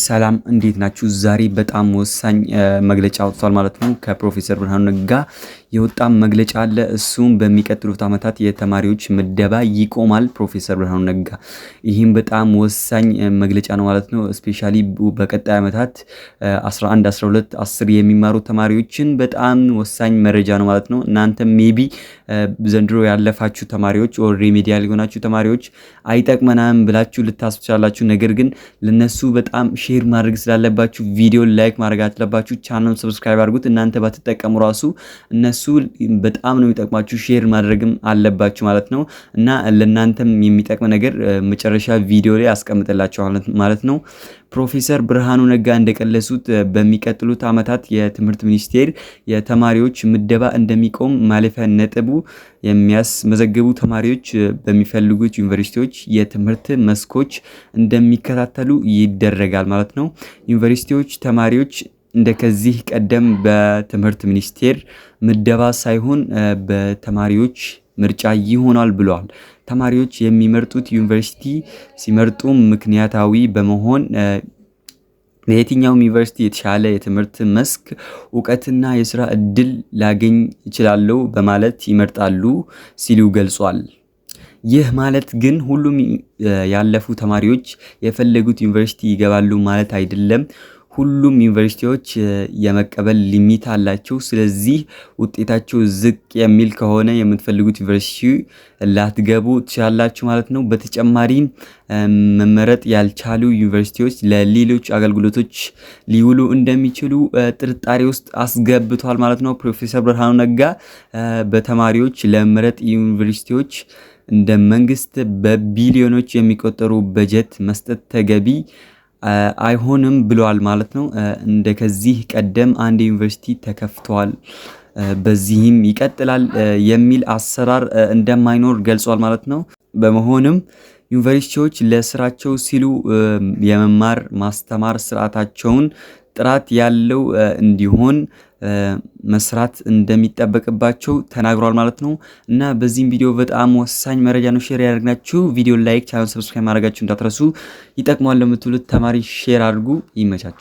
ሰላም እንዴት ናችሁ? ዛሬ በጣም ወሳኝ መግለጫ አውጥቷል ማለት ነው ከፕሮፌሰር ብርሃኑ ነጋ የወጣም መግለጫ አለ። እሱም በሚቀጥሉት ዓመታት የተማሪዎች ምደባ ይቆማል ፕሮፌሰር ብርሃኑ ነጋ። ይህም በጣም ወሳኝ መግለጫ ነው ማለት ነው። እስፔሻሊ በቀጣይ ዓመታት 11፣ 12፣ 10 የሚማሩ ተማሪዎችን በጣም ወሳኝ መረጃ ነው ማለት ነው። እናንተ ሜቢ ዘንድሮ ያለፋችሁ ተማሪዎች ኦር ሪሜዲያል የሆናችሁ ተማሪዎች አይጠቅመናም ብላችሁ ልታስብ ትችላላችሁ። ነገር ግን ለነሱ በጣም ሼር ማድረግ ስላለባችሁ ቪዲዮ ላይክ ማድረግ አለባችሁ። ቻናል ሰብስክራይብ አድርጉት። እናንተ ባትጠቀሙ ራሱ እነሱ እሱ በጣም ነው የሚጠቅማችሁ። ሼር ማድረግም አለባችሁ ማለት ነው እና ለእናንተም የሚጠቅም ነገር መጨረሻ ቪዲዮ ላይ አስቀምጥላችኋል ማለት ነው። ፕሮፌሰር ብርሃኑ ነጋ እንደቀለሱት በሚቀጥሉት ዓመታት የትምህርት ሚኒስቴር የተማሪዎች ምደባ እንደሚቆም ማለፊያ ነጥቡ የሚያስመዘግቡ ተማሪዎች በሚፈልጉት ዩኒቨርሲቲዎች የትምህርት መስኮች እንደሚከታተሉ ይደረጋል ማለት ነው። ዩኒቨርሲቲዎች ተማሪዎች እንደ ከዚህ ቀደም በትምህርት ሚኒስቴር ምደባ ሳይሆን በተማሪዎች ምርጫ ይሆናል ብለዋል። ተማሪዎች የሚመርጡት ዩኒቨርሲቲ ሲመርጡ ምክንያታዊ በመሆን በየትኛውም ዩኒቨርሲቲ የተሻለ የትምህርት መስክ እውቀትና የስራ እድል ላገኝ እችላለሁ በማለት ይመርጣሉ ሲሉ ገልጿል። ይህ ማለት ግን ሁሉም ያለፉ ተማሪዎች የፈለጉት ዩኒቨርሲቲ ይገባሉ ማለት አይደለም። ሁሉም ዩኒቨርሲቲዎች የመቀበል ሊሚት አላቸው። ስለዚህ ውጤታቸው ዝቅ የሚል ከሆነ የምትፈልጉት ዩኒቨርሲቲ ላትገቡ ትችላላችሁ ማለት ነው። በተጨማሪም መመረጥ ያልቻሉ ዩኒቨርሲቲዎች ለሌሎች አገልግሎቶች ሊውሉ እንደሚችሉ ጥርጣሬ ውስጥ አስገብቷል ማለት ነው። ፕሮፌሰር ብርሃኑ ነጋ በተማሪዎች ለመምረጥ ዩኒቨርሲቲዎች እንደ መንግስት በቢሊዮኖች የሚቆጠሩ በጀት መስጠት ተገቢ አይሆንም ብለዋል ማለት ነው። እንደ ከዚህ ቀደም አንድ ዩኒቨርሲቲ ተከፍተዋል በዚህም ይቀጥላል የሚል አሰራር እንደማይኖር ገልጿል ማለት ነው። በመሆንም ዩኒቨርሲቲዎች ለስራቸው ሲሉ የመማር ማስተማር ስርዓታቸውን ጥራት ያለው እንዲሆን መስራት እንደሚጠበቅባቸው ተናግሯል ማለት ነው። እና በዚህም ቪዲዮ በጣም ወሳኝ መረጃ ነው ሼር ያደርግናችሁ። ቪዲዮ ላይክ፣ ቻናል ሰብስክራይብ ማድረጋችሁ እንዳትረሱ። ይጠቅሟል ለምትሉት ተማሪ ሼር አድርጉ። ይመቻችሁ።